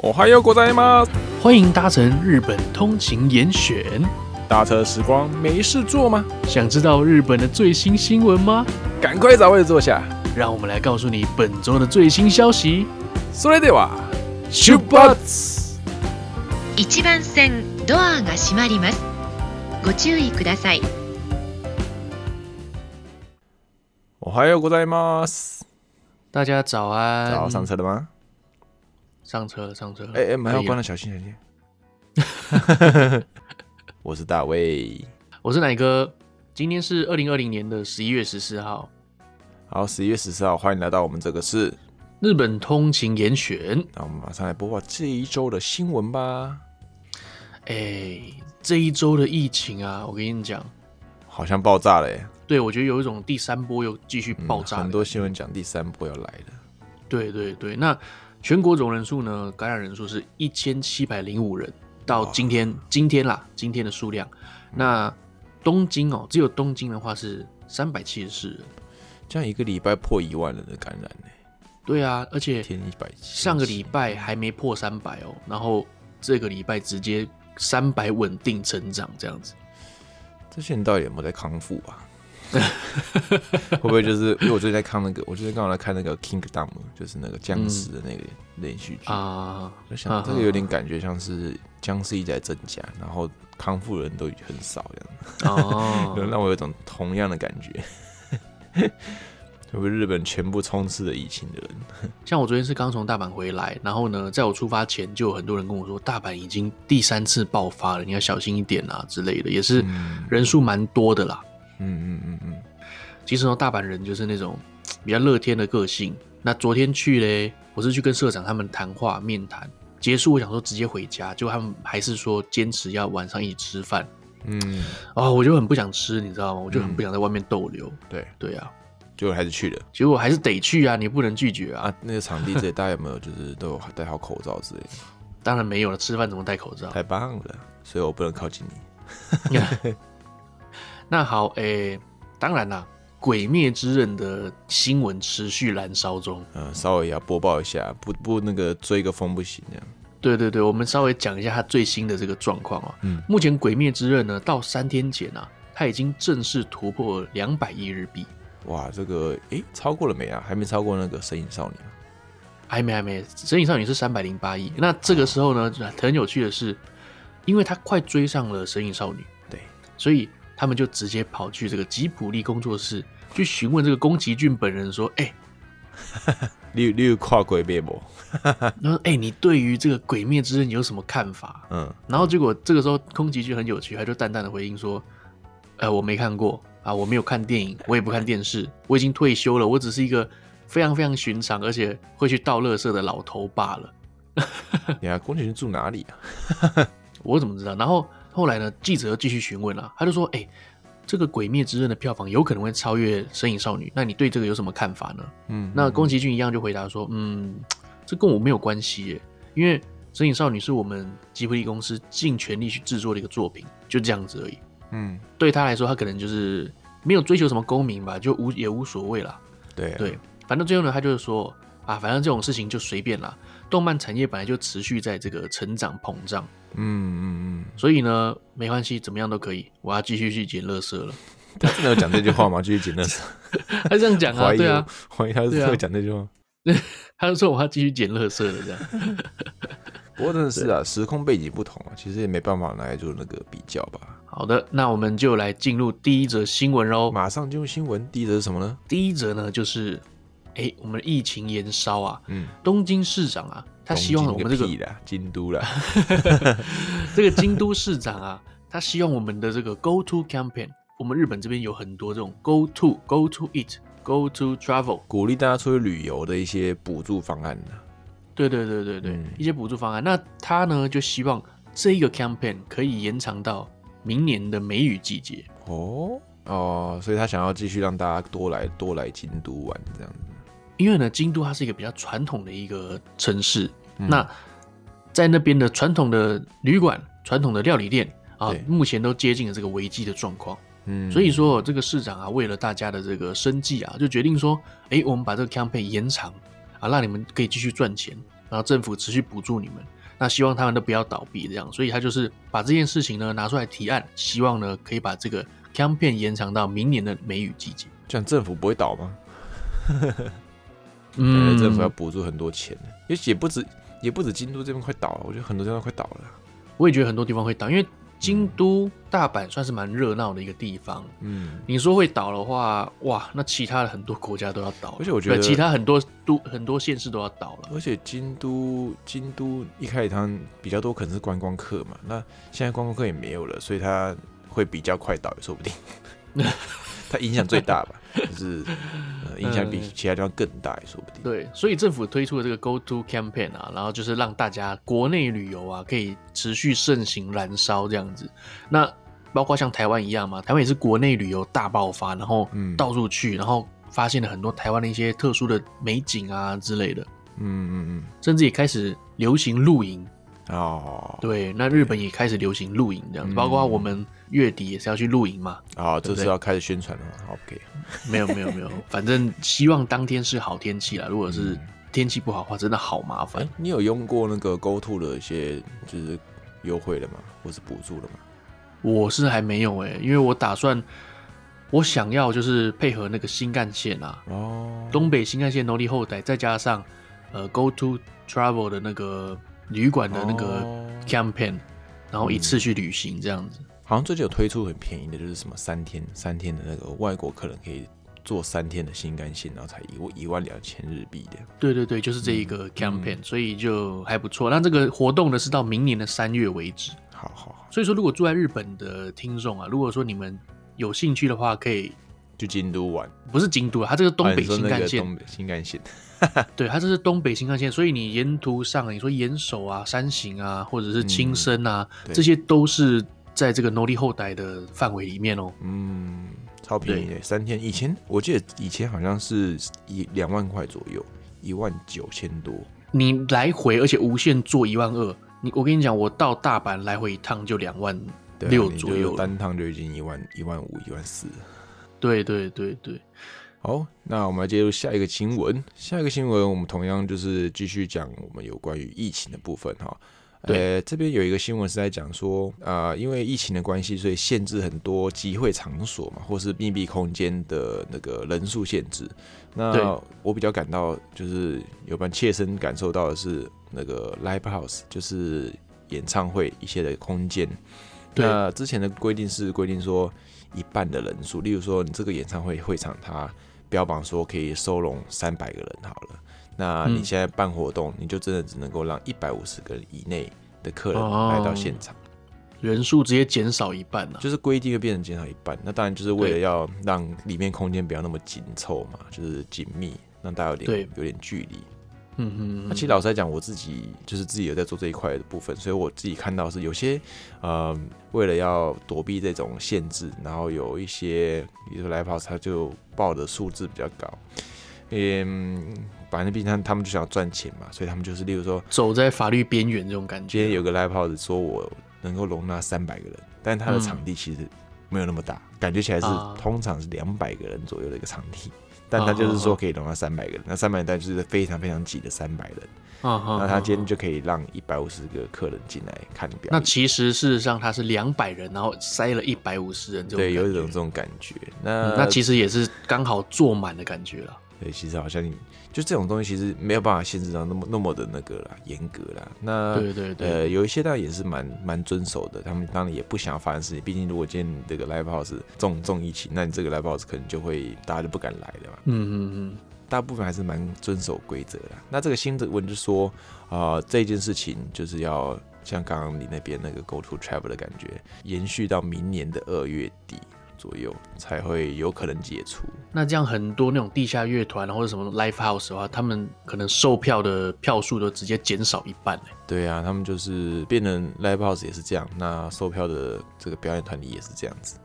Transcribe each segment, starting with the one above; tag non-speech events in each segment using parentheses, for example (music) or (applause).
おはようございます。歡迎搭乘日本通勤嚴選，搭車時光沒事做嗎？想知道日本的最新新聞嗎？趕快找位坐下，讓我們來告訴你本周的最新消息。それでは、出発！一番線、ドアが閉まります。ご注意ください。おはようございます。大家早安。早上車了嗎？上車了，上車了！哎、欸、哎、欸，門要關了，小心小心！ (laughs) 我是大衛，我是奶哥。今天是二零二零年的十一月十四號，好，十一月十四號，歡迎來到我們這個是日本通勤嚴選。那我們馬上來播報這一周的新聞吧。哎、欸，這一周的疫情啊，我跟你講，好像爆炸了耶。對，我覺得有一種第三波又繼續爆炸、嗯，很多新聞講第三波要來了。對對對，那。全國總人數呢？感染人數，是一千七百零五人。到今天、哦，今天啦，今天的數量、嗯。那東京哦、喔，只有東京的話是三百七十四人。這樣一個禮拜破一萬人的感染呢、欸？對啊，而且上個禮拜還沒破三百哦，然後這個禮拜直接三百穩定成長這樣子。這些人到底有沒有在康復啊？ (laughs) 會不會就是因為我最近在看那個？我最近剛好在看那個《Kingdom》，就是那個殭屍的那個、嗯那個、連續劇啊。我想、啊、這個有點感覺像是殭屍一直在增加、啊，然後康復的人都已經很少這樣。哦、啊， (laughs) 讓我有一種同樣的感覺。是 (laughs) 不是日本全部充斥着疫情的人？像我昨天是剛從大阪回來，然後呢，在我出發前就有很多人跟我說，大阪已經第三次爆發了，你要小心一點啊之類的，也是人數蠻多的啦。嗯嗯嗯嗯嗯嗯，其實呢，大阪人，就是那種比較樂天的個性。那昨天去呢，我是去跟社長他們談話面談，結束我想說直接回家，結果他們還是說堅持要晚上一起吃飯。嗯，哦我就很不想吃，你知道嗎？我就很不想在外面逗留。嗯、對對啊，就還是去了，結果還是得去啊，你不能拒絕啊，啊。那個場地這裡大家有沒有就是都有戴好口罩之類的？ (laughs) 當然沒有了，吃飯怎麼戴口罩？太棒了，所以我不能靠近你。 (laughs) (laughs) 那好，誒、欸，當然啦，《鬼滅之刃》的新聞持續燃燒中，嗯，稍微要播報一下，不不，那個追個風不行、啊，對對對，我們稍微講一下它最新的這個狀況啊。嗯，目前《鬼滅之刃》呢，到三天前啊，它已經正式突破兩百億日幣。哇，這個誒、欸，超過了沒啊？還沒超過那個《神隱少女》。還沒還沒，《神隱少女》是三百零八億。那這個時候呢、啊，很有趣的是，因為它快追上了《神隱少女》，對，所以。他們就直接跑去這個吉普力工作室，去詢問這個宮崎駿本人說：“哎、欸， (laughs) 你有你有看鬼滅嗎？” (laughs) 他說：“哎、欸，你對於這個《鬼滅之刃》有什麼看法？”嗯，然後結果這個時候宮崎駿很有趣，他就淡淡的回應說：“哎、呃，我沒看過啊，我沒有看電影，我也不看電視，我已經退休了，我只是一個非常非常尋常，而且會去倒垃圾的老頭罷了。 (laughs) ”哈哈，呀，宮崎駿住哪裡啊？ (laughs) 我怎麼知道？然後。後來呢？記者繼續詢問了，他就說：“哎、欸，這個《鬼滅之刃》的票房有可能會超越《神隱少女》，那你對這個有什麼看法呢？”嗯，那宮崎駿一樣就回答說：“嗯，這跟我沒有關係耶，因為《神隱少女》是我們吉卜力公司盡全力去制作的一個作品，就這樣子而已。”嗯，對他來說，他可能就是沒有追求什麼功名吧，就無也無所謂啦。對、啊、對，反正最後呢，他就是說：“啊，反正這種事情就隨便啦，動漫產業本來就持續在這個成長膨脹。”嗯嗯嗯，所以呢，沒關係，怎麼樣都可以，我要繼續去撿垃圾了。他真的講這句話嗎？繼續撿垃圾？ (laughs) 他這樣講啊， (laughs) 對啊，懷疑他是會講這句話。 (laughs) 他就說我要繼續撿垃圾了，這樣。 (laughs) 不過真的是啊，時空背景不同啊，其實也沒辦法來做那個比較吧。好的，那我們就來進入第一則新聞嘍。馬上進入新聞，第一則是什麼呢？第一則呢就是。哎、欸，我們的疫情延燒啊！嗯，東京市長啊，他希望我們的、這個、京,京都啦， (laughs) 這個京都市長啊，他希望我們的這個 Go To Campaign，我們日本這邊有很多這種 Go To、Go To Eat、Go To Travel，鼓勵大家出去旅遊的一些補助方案、啊、對對對對對，嗯、一些補助方案。那他呢，就希望這一個 Campaign 可以延長到明年的梅雨季節哦哦，所以他想要繼續讓大家多來多來京都玩這樣子。因為呢，京都它是一個比較傳統的一個城市，嗯、那在那邊的傳統的旅館、傳統的料理店啊，目前都接近了這個危機的狀況。嗯，所以說這個市長啊，為了大家的這個生計啊，就決定說，哎、欸，我們把這個 campaign 延長啊，讓你們可以繼續賺錢，然後政府持續補助你們，那希望他們都不要倒閉這樣。所以他就是把這件事情呢拿出來提案，希望呢可以把這個 campaign 延長到明年的梅雨季節。這樣政府不會倒嗎？ (laughs) 嗯，政府要補助很多錢，也也不止，也不止京都這邊快倒了。我覺得很多地方都快倒了，我也覺得很多地方會倒，因為京都、大阪算是蠻熱鬧的一個地方。嗯，你說會倒的話，哇，那其他的很多國家都要倒了，而且我覺得其他很多都很多縣市都要倒了。而且京都，京都一開始它比較多可能是觀光客嘛，那現在觀光客也沒有了，所以它會比較快倒也說不定。 (laughs) 它影響最大吧， (laughs) 就是、呃、影響比其他地方更大，嗯，說不定。對，所以政府推出的這個 Go To Campaign 啊，然後就是讓大家國內旅遊啊可以持續盛行燃燒這樣子。那包括像台灣一樣嘛，台灣也是國內旅遊大爆發，然後到處去，嗯、然後發現了很多台灣的一些特殊的美景啊之類的。嗯嗯嗯，甚至也開始流行露營。哦、oh,，對，那日本也開始流行露營這樣，包括我們月底也是要去露營嘛。啊、oh, 哦，這是要開始宣傳了嗎，OK？沒有沒有沒有，反正希望當天是好天氣啦。如果是天氣不好的話，真的好麻煩、嗯欸。你有用過那個 GoTo 的一些就是優惠的嗎？或是補助的嗎？我是還沒有哎、欸，因為我打算我想要就是配合那個新幹線啊，哦、oh.，東北新幹線乗り放題，再加上呃 GoTo Travel 的那個。旅館的那個 campaign，哦、然後一次去旅行這樣子，嗯，好像最近有推出很便宜的，就是什麼三天三天的那個外國客人可以坐三天的新干線，然後才一一萬兩千日幣的。對對對，就是這一個 campaign，嗯、所以就還不錯。那這個活動呢，是到明年的三月為止。好好好。所以說，如果住在日本的聽眾啊，如果說你們有興趣的話，可以去京都玩，不是京都，它這東、啊、個東北新幹線。 (laughs) 對，它這是東北新幹線，所以你沿途上，你說岩手啊、山形啊，或者是青森啊，嗯、這些都是在這個努力後代的範圍裡面哦。嗯，超便宜的，三天以前我記得以前好像是一兩萬塊左右，一萬九千多。你來回而且無限坐一萬二，你我跟你講，我到大阪來回一趟就兩萬六左右，對，單趟就已經一萬、一萬五、一萬四。對對對對。對對好，那我們來進入下一個新聞。下一個新聞，我們同樣就是繼續講我們有關於疫情的部分哈。呃、欸，這邊有一個新聞是在講說，呃，因為疫情的關係，所以限制很多集會場所嘛，或是密閉空間的那個人數限制。那我比較感到就是有蠻切身感受到的是那個 Live House，就是演唱會一些的空間。那之前的規定是規定說一半的人數，例如說你這個演唱會會場它標榜說可以收容三百個人好了，那你現在辦活動，你就真的只能夠讓一百五十個以內的客人來到現場，嗯、人數直接減少一半呢、啊？就是規定會變成減少一半，那當然就是為了要讓裡面空間不要那麼緊湊嘛，就是緊密，讓大家有點有點距離。嗯嗯，那、啊、其實老實來講，我自己就是自己有在做這一塊的部分，所以我自己看到是有些，呃，為了要躲避這種限制，然後有一些，比如說 Live House，他就報的數字比較高。因為嗯，反正畢竟他們他們就想賺錢嘛，所以他們就是，例如說走在法律邊緣這種感覺。今天有個 Live House 說我能夠容納三百個人，但他的場地其實沒有那麼大，嗯、感覺起來是、啊、通常是兩百個人左右的一個場地。但他就是說可以容納三百個人，啊、那三百單就是非常非常擠的三百人，那、啊、他今天就可以讓一百五十個客人進來看表。那其實事實上他是兩百人，然後塞了一百五十人，對，有一種這種感覺。那、嗯、那其實也是剛好坐滿的感覺了。對，其實好像你。就這種東西，其實沒有辦法限制到那麼那麼的那個嚴格啦。那對對對，呃，有一些大家也是蠻蠻遵守的，他們當然也不想要發生事情。畢竟如果今天你這個 Live House 重重疫情，那你這個 Live House 可能就會大家就不敢來的嘛。嗯嗯嗯，大部分還是蠻遵守規則的啦。那這個新的文就是說啊、呃，這件事情就是要像剛剛你那邊那個 Go To Travel 的感覺，延續到明年的二月底。左右才會有可能解除。那這樣很多那種地下樂團或者什麼 live house 的話，他們可能售票的票數都直接減少一半耶。對啊，他們就是變成 live house 也是這樣。那售票的這個表演團體也是這樣子。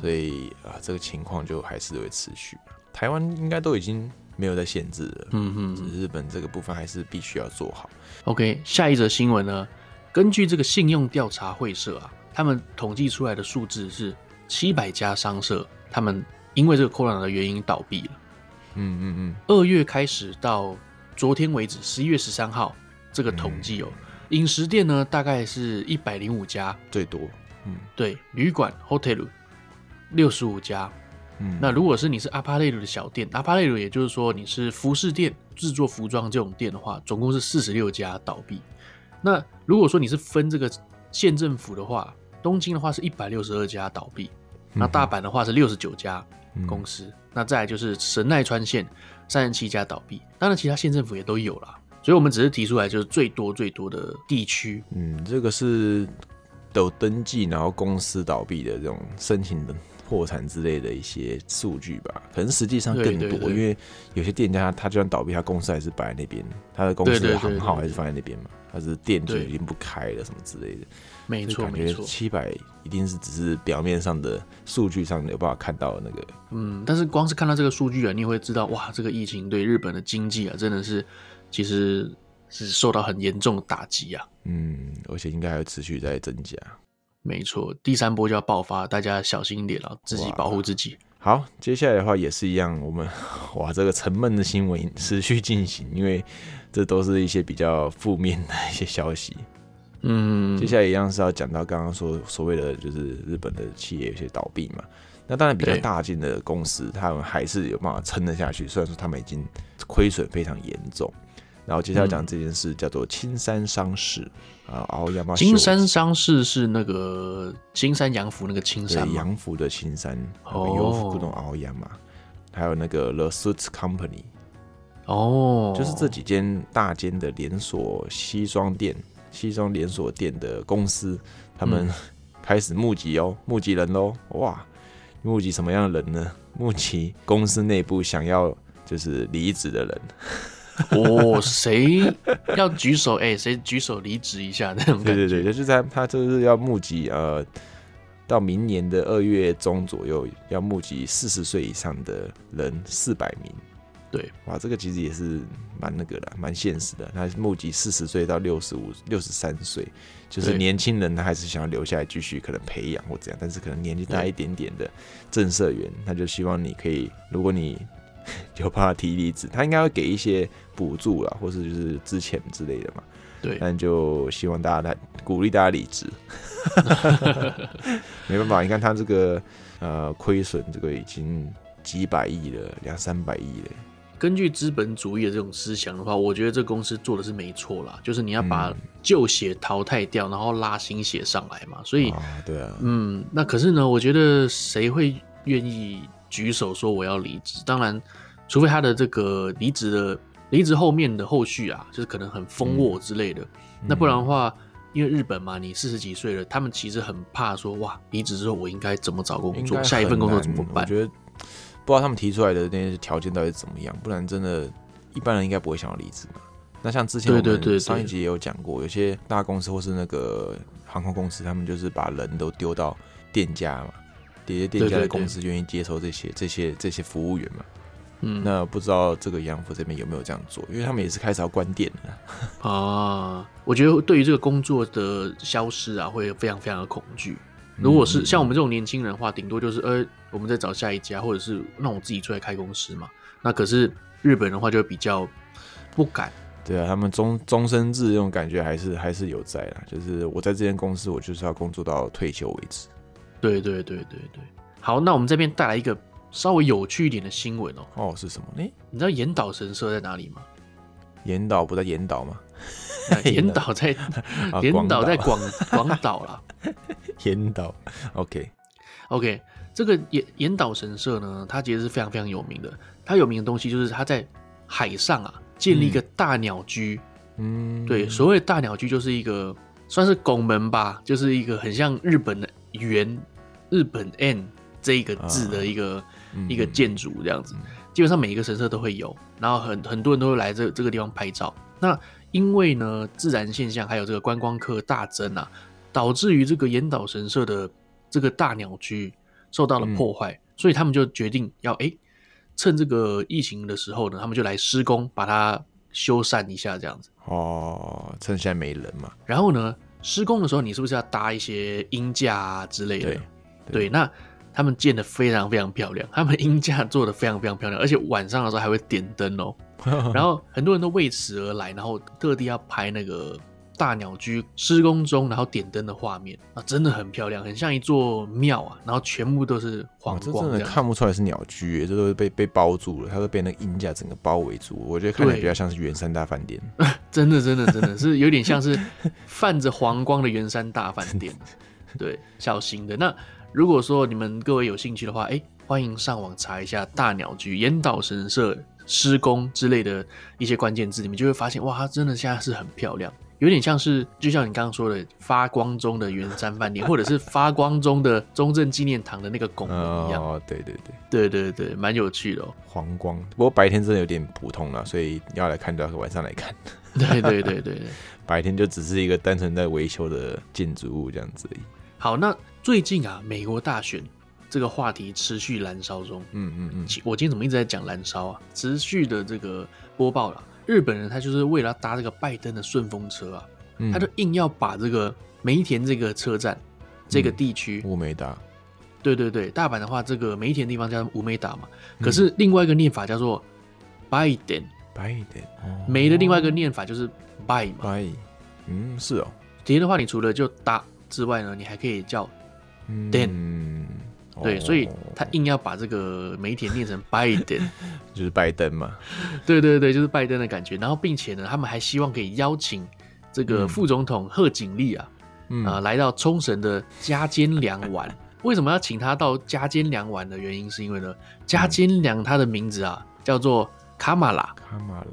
所以、嗯、啊，這個情況就還是會持續。台灣應該都已經沒有在限制了。嗯，嗯，嗯。日本這個部分還是必須要做好。OK，下一則新聞呢？根據這個信用調查會社啊，他們統計出來的數字是。七百家商社，他們因為這個 Corona 的原因倒閉了。嗯嗯嗯。二、嗯、月開始到昨天為止，十一月十三號這個統計哦、喔，飲、嗯、食店呢，大概是一百零五家最多。嗯，對，旅館、嗯、hotel 六十五家。嗯，那如果是你是阿帕雷魯的小店，阿帕雷魯也就是說你是服飾店、製作服裝這種店的話，總共是四十六家倒閉。那如果說你是分這個縣政府的話，東京的話是一百六十二家倒閉。嗯、那大阪的話是六十九家公司，嗯，那再來就是神奈川縣三十七家倒閉，當然其他縣政府也都有了，所以我們只是提出來就是最多最多的地區。嗯，這個是都登記，然後公司倒閉的這種申請的破產之類的一些數據吧，可能實際上更多，對對對對對，因為有些店家他就算倒閉，他公司還是擺在那邊，他的公司的行號還是放在那邊嘛。對對對對對。它是電就已經不開了，什麼之類的，沒錯，沒錯。七百一定是只是表面上的數據上，沒有辦法看到的那個。嗯，但是光是看到這個數據啊，你也會知道哇，這個疫情對日本的經濟啊，真的是其實是受到很嚴重的打擊啊。嗯，而且應該還會持續在增加。沒錯，第三波就要爆發，大家小心一點，啊，然後自己保護自己。好，接下來的話也是一樣，我們哇，這個沉悶的新聞持續進行，因為這都是一些比較負面的一些消息。嗯，接下來一樣是要講到剛剛說所謂的就是日本的企業有些倒閉嘛，那當然比較大件的公司，他們還是有辦法撐得下去，雖然說他們已經虧損非常嚴重。然後接下來講這件事，叫做青山商事啊，奧亞馬。青山商事是那個金山洋服那個青山洋服的青山，哦、有股東奧亞嘛？還有那個 The Suits Company 哦，就是這幾間大間的連鎖西裝店、西裝連鎖店的公司、嗯，他們開始募集哦，募集人嘍！哇，募集什麼樣的人呢？募集公司內部想要就是離職的人。哦，誰要舉手？哎、欸，誰舉手離職一下那種感覺。對對對，就是在他，他就是要募集呃，到明年的二月中左右要募集四十歲以上的人四百名。對，哇，這個其實也是蠻那個的，蠻現實的。他募集四十歲到六十五、六十三歲，就是年輕人他還是想要留下來繼續可能培養或怎樣，但是可能年紀大一點點的正社員，他就希望你可以，如果你。就怕提離職，他應該會給一些補助啦，或是就是資遣之類的嘛。對，但就希望大家來鼓勵大家離職， (laughs) (laughs) (laughs) (laughs) 沒辦法，你看他這個呃虧損，這個已經幾百億了，兩三百億了。根據資本主義的這種思想的話，我覺得這公司做的是沒錯啦，就是你要把舊血淘汰掉，嗯，然後拉新血上來嘛。所以啊對啊，嗯，那可是呢，我覺得誰會願意？舉手說我要離職，當然，除非他的這個離職的離職後面的後續啊，就是可能很豐渥之類的、嗯，那不然的話，因為日本嘛，你四十幾歲了，他們其實很怕說哇，離職之後我應該怎麼找工作，下一份工作怎麼辦？我覺得不知道他們提出來的那些條件到底是怎麼樣，不然真的，一般人應該不會想要離職嘛。那像之前我們上一集也有講過，對對對對，有些大公司或是那個航空公司，他們就是把人都丟到店家嘛。這些店家的公司願意接收這些對對對，這些這些，這些服務員嘛？嗯，那不知道這個洋服這邊有沒有這樣做？因為他們也是開始要關店了 (laughs) 啊。我覺得對於這個工作的消失啊，會非常非常的恐懼。如果是、嗯、像我們這種年輕人的話，頂多就是呃，我們再找下一家，或者是那我自己出來開公司嘛。那可是日本人的話，就會比較不敢。對啊，他們終終身制這種感覺還是還是有在啦。就是我在這間公司，我就是要工作到退休為止。對對對對對，好，那我們這邊帶來一個稍微有趣一點的新聞哦、喔。哦，是什麼呢、欸？你知道嚴島神社在哪裡嗎？嚴島不在嚴島嗎？嚴島在 (laughs) 嚴島在廣廣 (laughs) 島了。嚴島，OK，OK，、okay. okay, 這個嚴嚴島神社呢，它其實是非常非常有名的。它有名的東西就是它在海上啊，建立一個大鳥居。嗯，嗯對，所謂大鳥居就是一個算是拱門吧，就是一個很像日本的圓。日本 “n” 這一個字的一個、啊嗯、一個建築這樣子，基本上每一個神社都會有，然後很很多人都會來這這個地方拍照。那因為呢，自然現象還有這個觀光客大增啊，導致於這個嚴島神社的這個大鳥居受到了破壞、嗯，所以他們就決定要哎、欸，趁這個疫情的時候呢，他們就來施工把它修繕一下這樣子。哦，趁現在沒人嘛。然後呢，施工的時候你是不是要搭一些鷹架啊之類的？對對，那他們建的非常非常漂亮，他們鷹架做的非常非常漂亮，而且晚上的時候還會點燈哦、喔。然後很多人都為此而來，然後特地要拍那個大鳥居施工中，然後點燈的畫面、啊，真的很漂亮，很像一座廟啊。然後全部都是黃光，啊、真的看不出來是鳥居，這都被被包住了，它都被那鷹架整個包圍住。我覺得看起來比較像是圓山大飯店，真的真的真的是有點像是泛着黃光的圓山大飯店。對，小型的那。如果說你們各位有興趣的話，哎，歡迎上網查一下大鳥居、嚴島神社施工之類的一些關鍵字，你們就會發現，哇，它真的現在是很漂亮，有點像是就像你剛剛說的發光中的圓山飯店， (laughs) 或者是發光中的中正紀念堂的那個拱門一樣。哦，對對對，對對對，蠻有趣的、哦。黃光，不過白天真的有點普通了、啊，所以要來看就要晚上來看。 (laughs) 對對對對對，白天就只是一個單純在維修的建築物這樣子而已。好，那。最近啊，美國大選這個話題持續燃燒中。嗯嗯嗯，我今天怎麼一直在講燃燒啊？持續的這個播報啦、啊，日本人他就是為了要搭這個拜登的順風車啊、嗯，他就硬要把這個梅田這個車站這個地區。烏梅達。對對對，大阪的話，這個梅田地方叫烏梅達嘛、嗯。可是另外一個念法叫做拜登，拜登、哦。梅的另外一個念法就是拜嘛。拜。嗯，是哦。今天的話，你除了就搭之外呢，你還可以叫。Then, 嗯，對、哦，所以他硬要把這個梅田念成拜登，就是拜登嘛。對對對，就是拜登的感覺。然後，並且呢，他們還希望可以邀請這個副總統賀錦麗啊、嗯，啊，來到沖繩的加間良玩、嗯。為什麼要請他到加間良玩的原因，是因為呢，加間良它的名字啊，嗯、叫做卡馬拉。卡馬拉。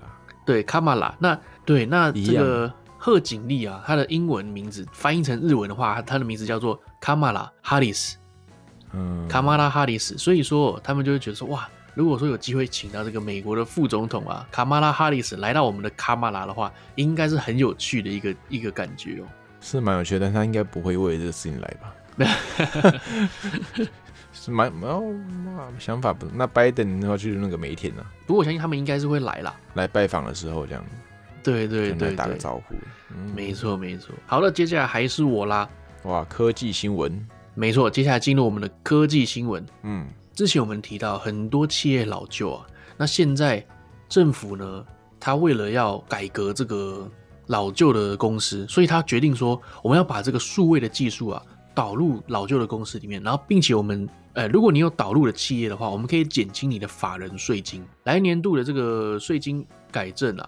對，卡馬拉。那對，那這個。賀錦麗啊，他的英文名字翻譯成日文的話，他的名字叫做卡瑪拉哈里斯嗯。嗯，卡瑪拉哈里斯，所以說他們就會覺得說，哇，如果說有機會請到這個美國的副總統啊，卡瑪拉哈里斯來到我們的卡瑪拉的話，應該是很有趣的一個一個感覺哦、喔。是蠻有趣的，他應該不會為這個事情來吧？ (laughs) (laughs) 是蠻有、哦、想法不？那拜登要去那個梅田呢？不過我相信他們應該是會來了，來拜訪的時候這樣。對對，對對對，打個招呼，嗯、沒錯沒錯。好了，接下來還是我啦。哇，科技新聞，沒錯。接下來進入我們的科技新聞。嗯，之前我們提到很多企業老舊啊,那現在政府呢,他為了要改革這個老舊的公司，所以他決定說，我們要把這個數位的技術啊，導入老舊的公司裡面，然後，並且我們，呃、欸，如果你有導入的企業的話，我們可以減輕你的法人稅金，來年度的這個稅金改正啊。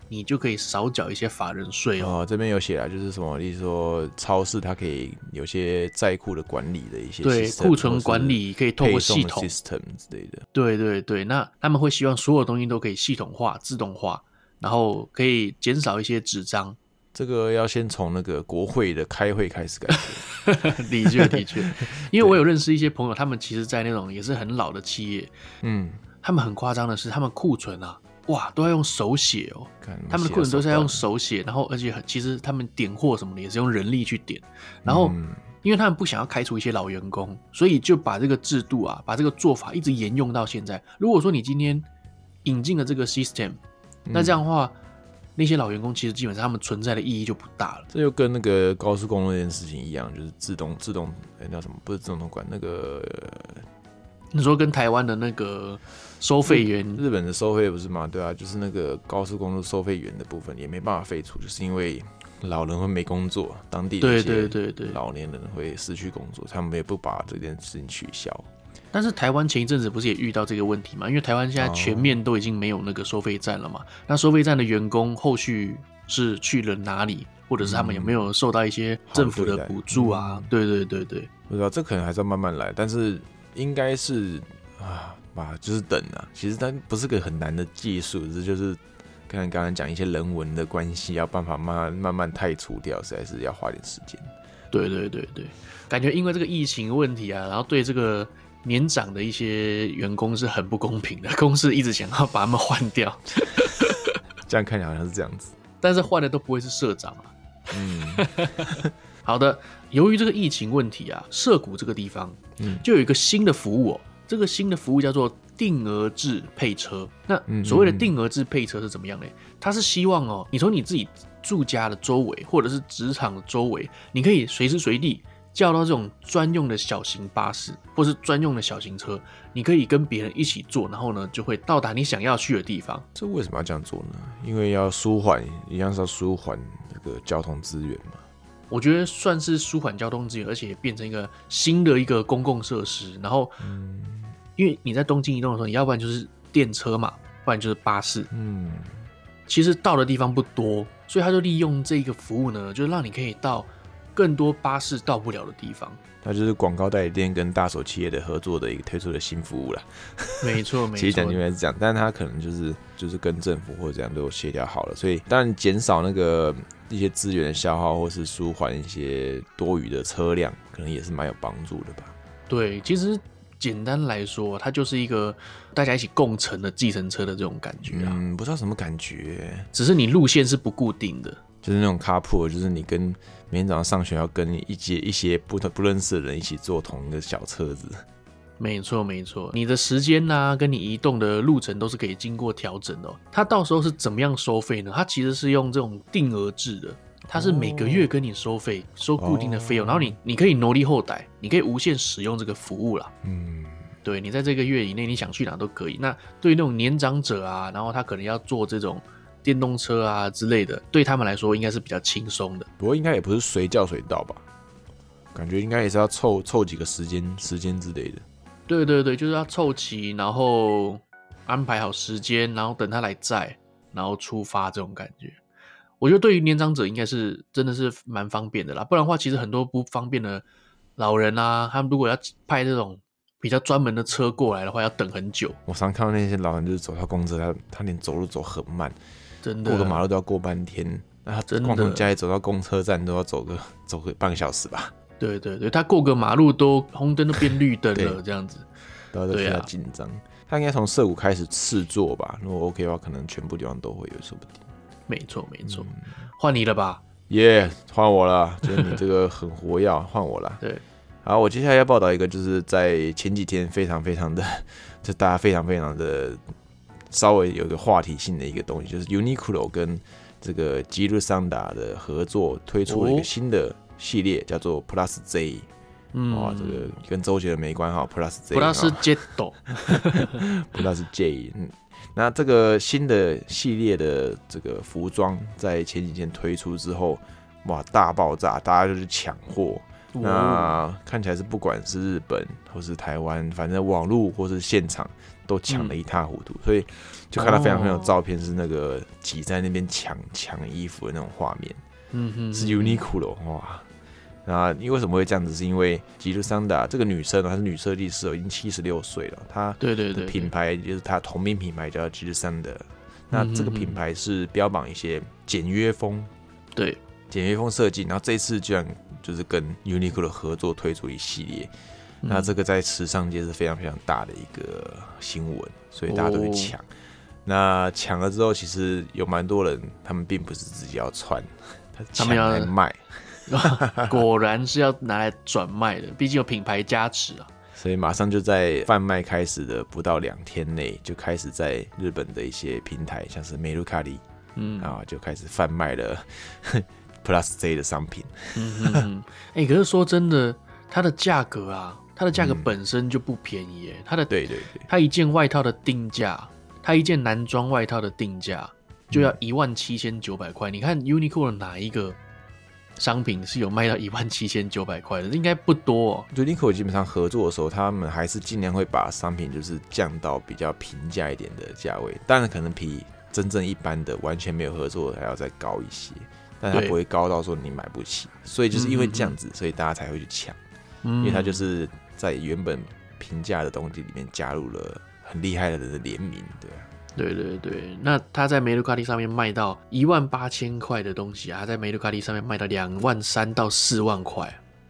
你就可以少繳一些法人稅、喔、哦。這邊有寫啊，就是什麼，例如說超市，它可以有些在庫的管理的一些 system, 對庫存管理，可以透過系統之類的。對對對，那他們會希望所有東西都可以系統化、自動化，然後可以減少一些紙張。這個要先從那個國會的開會開始改革。 (laughs) (laughs) 的確的確，因為我有認識一些朋友，他們其實，在那種也是很老的企業，嗯，他們很誇張的是，他們庫存啊。哇，都要用手寫哦手！他們的庫存都是要用手寫，然後而且其實他們點貨什麼的也是用人力去點，然後因為他們不想要開除一些老員工、嗯，所以就把這個制度啊，把這個做法一直沿用到現在。如果說你今天引進了這個 system，、嗯、那這樣的話，那些老員工其實基本上他們存在的意義就不大了。這就跟那個高速公路那件事情一樣，就是自動自動、欸、那叫什麼？不是自動通關那個。你說跟台灣的那個收費員，日本的收費不是嗎？對啊，就是那個高速公路收費員的部分也沒辦法廢除，就是因為老人會沒工作，當地的一些對對對對，老年人會失去工作對對對對，他們也不把這件事情取消。但是台灣前一陣子不是也遇到這個問題嗎？因為台灣現在全面都已經沒有那個收費站了嘛，啊、那收費站的員工後續是去了哪裡，或者是他們有沒有受到一些政府的補助啊、嗯？對對對對，不知道這可能還是要慢慢來，但是。應該是啊吧，就是等啊。其實它不是個很難的技術，這就是看看剛才講一些人文的關係，要辦法慢慢慢慢慢慢汰除掉，實在是要花點時間。對對對對，感覺因為這個疫情問題啊，然後對這個年長的一些員工是很不公平的，公司一直想要把他們換掉。 (laughs) 這樣看起來好像是這樣子，但是換的都不會是社長啊。嗯。 (laughs) 好的，由於這個疫情問題啊，涉谷這個地方，嗯，就有一個新的服務哦。這個新的服務叫做定額制配車。那所謂的定額制配車是怎麼樣呢？嗯嗯嗯，它是希望哦，你從你自己住家的周圍，或者是職場的周圍，你可以隨時隨地叫到這種專用的小型巴士，或是專用的小型車，你可以跟別人一起坐，然後呢，就會到達你想要去的地方。這為什麼要這樣做呢？因為要舒緩，一樣是要舒緩那個交通資源嘛。我覺得算是舒緩交通資源，而且變成一個新的一個公共設施。然後，嗯，因為你在東京移動的時候，你要不然就是電車嘛，不然就是巴士。嗯，其實到的地方不多，所以他就利用這個服務呢，就是讓你可以到更多巴士到不了的地方。那就是廣告代理店跟大手企業的合作的一個推出的新服務了。沒錯，沒錯。其實講起來是這樣，但是他可能就是就是跟政府或者這樣都有協調好了，所以當然減少那個一些資源的消耗，或是舒緩一些多餘的車輛，可能也是蠻有幫助的吧。對，其實簡單來說，它就是一個大家一起共乘的計程車的這種感覺啊，嗯，不知道什麼感覺，只是你路線是不固定的。就是那種 carpool，就是你跟每天早上上學要跟你一些一些不同不認識的人一起坐同一個小車子。沒錯沒錯，你的時間吶、啊，跟你移動的路程都是可以經過調整的、喔。它到時候是怎麼樣收費呢？它其實是用這種定額制的，它是每個月跟你收費、哦，收固定的費用，然後你你可以乗り放題，你可以無限使用這個服務啦。嗯，對你在這個月以內你想去哪都可以。那對於那種年長者啊，然後他可能要做這種。電動車啊之類的，對他們來說應該是比較輕鬆的。不過應該也不是隨叫隨到吧？感覺應該也是要湊湊幾個時間時間之類的。對對對，就是要湊齊，然後安排好時間，然後等他來載，然後出發這種感覺。我覺得對於年長者應該是真的是蠻方便的啦。不然的話，其實很多不方便的老人啊，他們如果要派這種比較專門的車過來的話，要等很久。我常看到那些老人就是走他公車，他他連走路走很慢。真的啊，過個馬路都要過半天，那光從家裡走到公車站都要走個走個半個小時吧。對對對，他過個馬路都紅燈都變綠燈了， (laughs) 這樣子，對，大家比較緊張。他應該從澀谷開始試坐吧？如果 OK 的話，可能全部地方都會有說不定。沒錯沒錯，換，嗯、你了吧？耶，換我了！就是你這個很活躍，換我了。 (laughs) 對，好，我接下來要報道一個，就是在前幾天非常非常的，就大家非常非常的。稍微有一個話題性的一個東西，就是 Uniqlo 跟這個吉爾桑達的合作推出了一個新的系列，哦、叫做 Plus J、嗯。哇，這個跟周杰倫沒關係哈，Plus J。Plus、嗯、J。Plus J。 (laughs) (laughs) (laughs) PlusJ，嗯，那這個新的系列的這個服裝在前幾天推出之後，哇，大爆炸，大家就去搶貨。那看起來是不管是日本或是台灣，反正網絡或是現場都搶得一塌糊塗，嗯，所以就看到非常非常有照片，是那個擠在那邊搶搶衣服的那種畫面。嗯哼，嗯哼，是 Uniqlo 哇，啊，因為什麼會這樣子？是因為吉爾桑達這個女生呢，她是女設計師，已經七十六歲了，她對對對，品牌就是她同名品牌叫吉爾桑德。嗯哼嗯哼，那這個品牌是標榜一些簡約風，對。簡約風設計，然後這次居然就是跟 Uniqlo 的合作推出一系列、嗯，那這個在時尚界是非常非常大的一個新聞，所以大家都去搶、哦。那搶了之後，其實有蠻多人，他們並不是自己要穿，他們要來賣、哦，果然是要拿來轉賣的，畢竟有品牌加持啊。所以馬上就在販賣開始的不到兩天內，就開始在日本的一些平台，像是梅魯卡裡，嗯，然後，就開始販賣了。Plus J 的商品，哎、 (laughs) 嗯嗯欸，可是說真的，它的價格啊，它的價格本身就不便宜、嗯。它的對對對，它一件外套的定價，它一件男裝外套的定價就要一萬七千九百塊。你看 Uniqlo 的哪一個商品是有賣到一萬七千九百塊的？應該不多、喔。Uniqlo 基本上合作的時候，他們還是儘量會把商品就是降到比較平價一點的價位，當然可能比真正一般的完全沒有合作的還要再高一些。但他它不會高到說你買不起，所以就是因為這樣子，嗯嗯嗯所以大家才會去搶、嗯嗯，因為它就是在原本平價的東西裡面加入了很厲害的人的聯名，對、啊。對對對，那他在梅魯卡利上面賣到一萬八千塊的東西啊，他在梅魯卡利上面賣到兩萬三到四萬塊，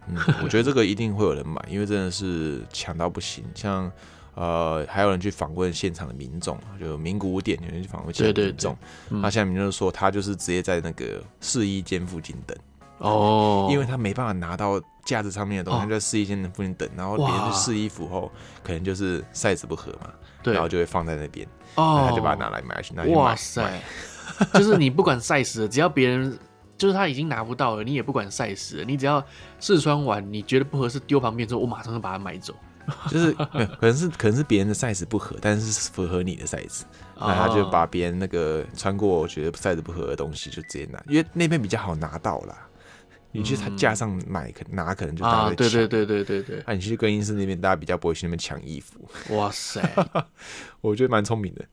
嗯，我覺得這個一定會有人買， (laughs) 因為真的是搶到不行，像。呃，還有人去訪問現場的民眾，就名古屋店有人去訪問現場的民眾。那下面就是說、嗯，他就是直接在那個試衣間附近等。哦。因為他沒辦法拿到架子上面的東西，哦、他在試衣間的附近等。然後別人去試衣服後，可能就是 size 不合嘛。對。然後就會放在那邊。哦。他就把它拿來買去。哇塞！就是你不管 size，的 (laughs) 只要別人就是他已經拿不到了，你也不管 size，的你只要試穿完你覺得不合適丟旁邊之後，我馬上就把它買走。 (laughs) 就是,沒有是，可能是可能是別人的 size 不合，但是符合你的 size，、哦、那他就把別人那個穿過我覺得 size 不合的東西就直接拿，因為那邊比較好拿到啦、嗯。你去他架上買，可拿可能就大家搶、啊。對對對對對對。啊，你去更衣室那邊，大家比較不會去那邊搶衣服。哇塞， (laughs) 我覺得蠻聰明的，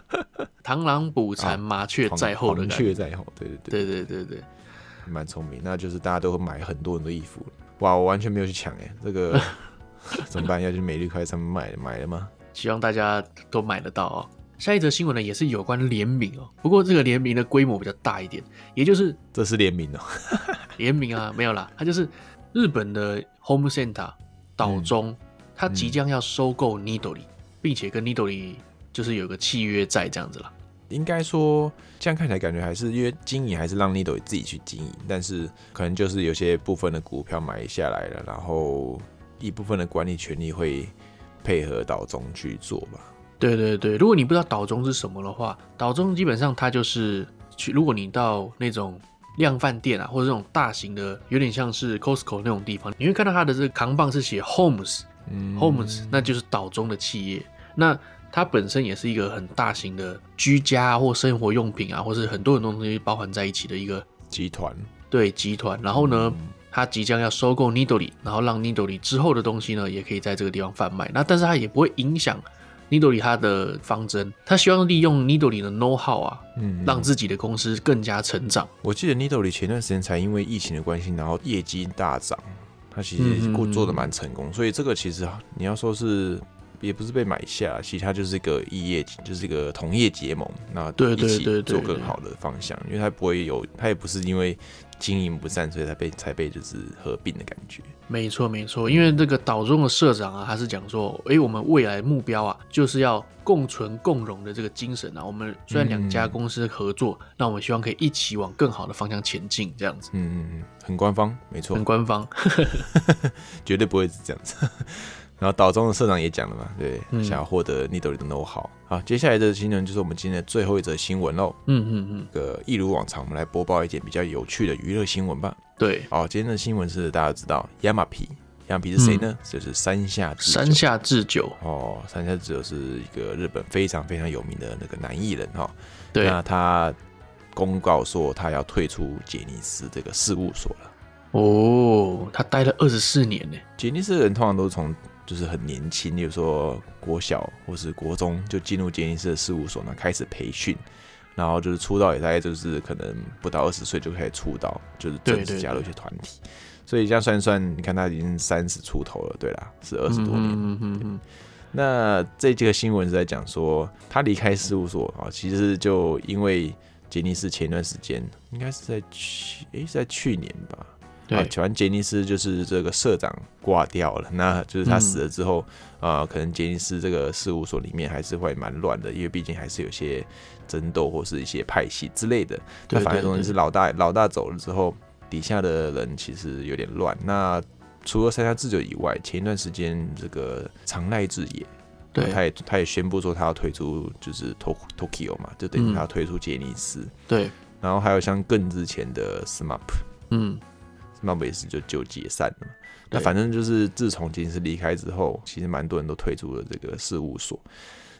(laughs) 螳螂捕蟬，麻雀在後的。麻、啊、黃雀在後，對對對對對對對蠻聰明的。那就是大家都會買很多很多衣服哇，我完全沒有去搶哎、欸，這個。 (laughs) (laughs) 怎麼辦？要去 Mercari 上面買了買了嗎？希望大家都買得到哦、喔。下一則新聞呢，也是有關聯名哦、喔。不過這個聯名的規模比較大一點，也就是這是聯名哦、喔，聯 (laughs) 名啊，沒有啦，他就是日本的 Home Center 島忠，他、嗯、即將要收購 Nidori，、嗯、並且跟 Nidori 就是有個契約在這樣子啦。應該說，這樣看起來感覺還是因為經營還是讓 Nidori 自己去經營，但是可能就是有些部分的股票買下來了，然後。一部分的管理權力會配合島中去做吧。對對對，如果你不知道島中是什麼的話，島中基本上它就是去。如果你到那種量販店啊，或者這種大型的，有點像是 Costco 那種地方，你會看到它的這個扛棒是寫 Homes，Homes，、嗯、那就是島中的企業。那它本身也是一個很大型的居家或生活用品啊，或是很多很多東西包含在一起的一個集團。對，集團，然後呢？嗯他即將要收購 NITORI，然後讓 NITORI 之後的東西呢，也可以在這個地方販賣。那但是他也不會影響 NITORI 他的方針。他希望利用 NITORI 的 know-how 啊，嗯，嗯，讓自己的公司更加成長。我記得 NITORI 前段時間才因為疫情的關係，然後業績大漲，他其實做的蠻成功，嗯嗯。所以這個其實你要說是也不是被買下，其實它就是一個異業，就是一個同業結盟。那對對對，做更好的方向，對對對對對，因為他不會有，它也不是因為。經營不善，所以才被才被就是合併的感覺。沒錯，沒錯，因為這個島忠的社長啊，他是講說，哎、欸，我們未來目標啊，就是要共存共榮的這個精神啊。我們雖然兩家公司合作，那、嗯、我們希望可以一起往更好的方向前進，這樣子。嗯嗯嗯，很官方，沒錯，很官方， (laughs) (laughs) 絕對不會是這樣子。然後島忠的社長也講了嘛，對，嗯、想要獲得 NITORI 的 know-how。好，接下來的新聞就是我們今天的最後一則新聞嘍。嗯嗯嗯，這個一如往常，我們來播報一件比較有趣的娛樂新聞吧。對，好、哦，今天的新聞是大家知道，亞麻皮，亞麻皮是誰呢？嗯、就是山下山下智久。哦，山下智久是一個日本非常非常有名的那個男藝人哈、哦。對。那他公告說他要退出傑尼斯這個事務所了。哦，他待了二十四年呢。傑尼斯人通常都是從就是很年輕，比如說國小或是國中就進入傑尼斯的事務所呢，開始培訓，然後就是出道，也大概就是可能不到二十歲就開始出道，就是正式加入一些團體。對對對。所以這樣算一算，你看他已經三十出頭了，對啦，是二十多年。嗯嗯嗯，嗯，嗯。那這幾個新聞是在講說他離開事務所啊、喔，其實就因為傑尼斯前一段時間應該是在去誒，欸、是在去年吧。啊，講完傑尼斯就是這個社長掛掉了，那就是他死了之後，啊、嗯呃，可能傑尼斯這個事務所裡面還是會蠻亂的，因為畢竟還是有些爭鬥或是一些派系之類的。那反正總之是老大老大走了之後，底下的人其實有點亂。那除了山下智久以外，前一段時間這個長瀨智也，對，他也他也宣布說他要退出就是 TOKIO 嘛，就等於他要退出傑尼斯。對、嗯，然後還有像更之前的 SMAP，嗯。那不也是就就解散了。那反正就是自從金師離開之後，其實蠻多人都退出了這個事務所。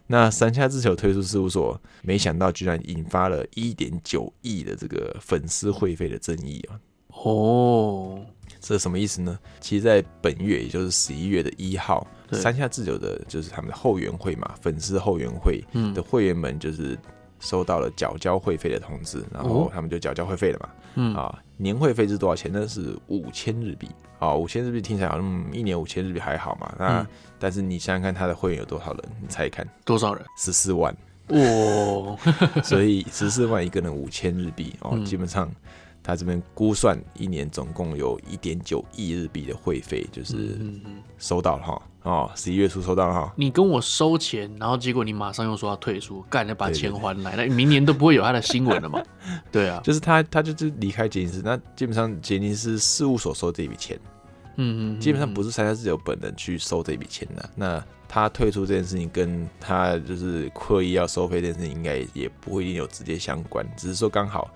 那山下智久退出事務所，沒想到居然引發了一點九億的這個粉絲會費的爭議、啊、哦，這什麼意思呢？其實，在本月也就是十一月的一號，山下智久的就是他們的後援會嘛，粉絲後援會的會員們就是。收到了繳交會費的通知，然後他們就繳交會費了嘛。嗯、哦、啊，年會費是多少錢呢？是五千日幣。啊、哦，五千日幣聽起來好像一年五千日幣還好嘛？那、嗯、但是你想想看，他的會員有多少人？你猜一看多少人？十四萬哇！哦哦哦哦哦哦哦哦，所以十四萬一個人五千日幣 (laughs) 哦，基本上。他這邊估算一年總共有一點九億日幣的會費，就是收到了哈，哦，十一月初收到了哈。你跟我收錢，然後結果你馬上又說要退出，乾了把錢還來了，對對對，那明年都不會有他的新聞了嘛？ (laughs) 對啊，就是他，他就是離開傑尼斯，那基本上傑尼斯事務所收這筆錢，嗯哼嗯哼，基本上不是山下智久本人去收這筆錢的、啊。那他退出這件事情，跟他就是刻意要收費這件事情應該也不一定有直接相關，只是說剛好。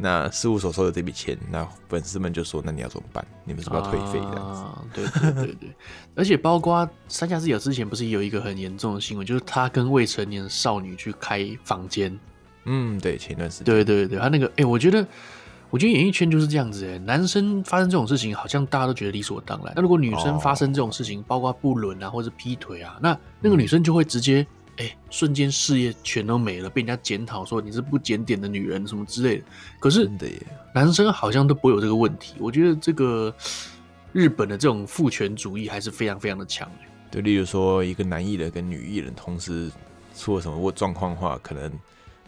那事務所收的這筆錢，那粉絲們就說：“那你要怎麼辦？你們是不是要退費？”啊，對對對對。 (laughs) 而且包括山下智久之前不是有一個很嚴重的新聞，就是他跟未成年少女去開房間。嗯，對，前段時間。對對對，他那個，哎、欸，我覺得，我覺得演藝圈就是這樣子，哎，男生發生這種事情好像大家都覺得理所當然。那如果女生發生這種事情，哦、包括不倫啊，或者劈腿啊，那那個女生就會直接、嗯。哎、欸，瞬間事業全都沒了，被人家檢討說你是不檢點的女人什麼之類的。可是，男生好像都不會有這個問題。我覺得這個日本的這種父權主義還是非常非常的強。就例如說，一個男藝人跟女藝人同時出了什麼狀況的話，可能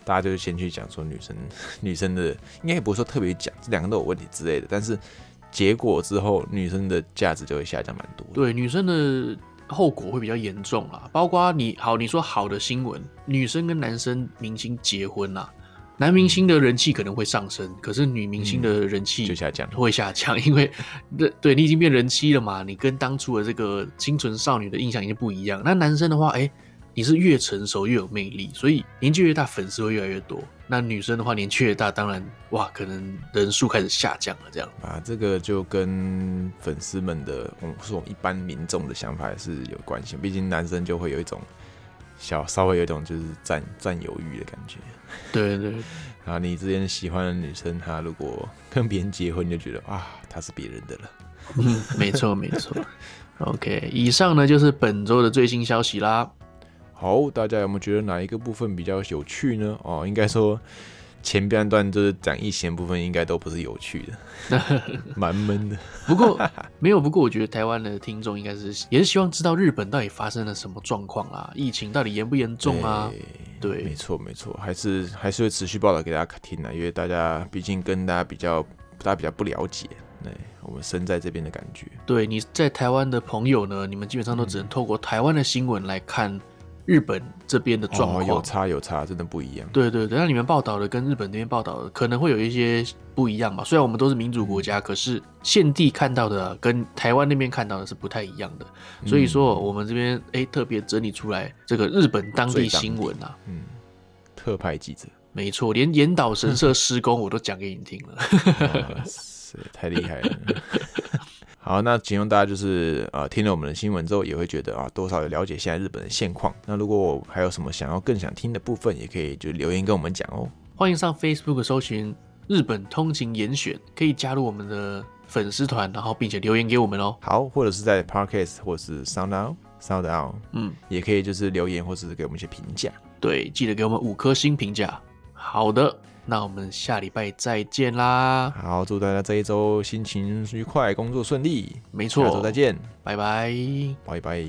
大家就先去講說女生，女生的應該也不是說特別講，這兩個都有問題之類的。但是結果之後，女生的價值就會下降蠻多。對，女生的。後果會比較嚴重啦，包括你好，你說好的新聞，女生跟男生明星結婚啦、啊，男明星的人氣可能會上升，可是女明星的人氣、嗯、就下降，會下降，因為對對，你已經變人妻了嘛，嗯、你跟當初的這個清純少女的印象已經不一樣。那男生的話，哎、欸。你是越成熟越有魅力，所以年紀越大粉絲會越來越多。那女生的話年紀越大，當然哇，可能人數開始下降了這樣。啊，這個就跟粉絲們的，嗯，是我們一般民眾的想法是有關係。畢竟男生就會有一種小稍微有一種就是占占有欲的感覺。對對，對。啊，你之前喜歡的女生，她如果跟別人結婚，你就覺得啊，她是別人的了。 (laughs) 嗯，沒錯沒錯。 (laughs) OK，以上呢就是本周的最新消息啦。好，大家有沒有覺得哪一個部分比較有趣呢？哦，應該說前半段就是講疫情部分，應該都不是有趣的，蠻 (laughs) 悶的。不過沒有，不過我覺得台灣的聽眾應該是也是希望知道日本到底發生了什麼狀況啦，疫情到底嚴不嚴重啊？對，對，沒錯，沒錯，還是還是會持續報道給大家聽的啊，因為大家畢竟跟大家比較，大家比較不了解，對，我們身在這邊的感覺。對，你在台灣的朋友呢，你們基本上都只能透過台灣的新聞來看。日本這邊的狀況、哦、有差有差，真的不一樣。對對對，那你們報道的跟日本那邊報道的可能會有一些不一樣吧？雖然我們都是民主國家，可是現地看到的、啊、跟台灣那邊看到的是不太一樣的。所以說我們這邊哎、欸、特別整理出來這個日本當地新聞啊，嗯，特派記者，沒錯，連嚴島神社施工我都講給你聽了， (laughs) 太厲害了。 (laughs) 好，那請問大家就是呃聽了我們的新聞之後，也會覺得啊，多少有了解現在日本的現況。那如果我還有什麼想要更想聽的部分，也可以就留言跟我們講哦。歡迎上 Facebook 搜尋日本通勤嚴選，可以加入我們的粉絲團，然後並且留言給我們哦。好，或者是在 Podcast 或者是 SoundOut SoundOut，嗯，也可以就是留言或者是給我們一些評價。對，記得給我們五顆星評價。好的。那我們下禮拜再見啦！好，祝大家這一周心情愉快，工作順利。沒錯，下周再見，拜拜，拜拜。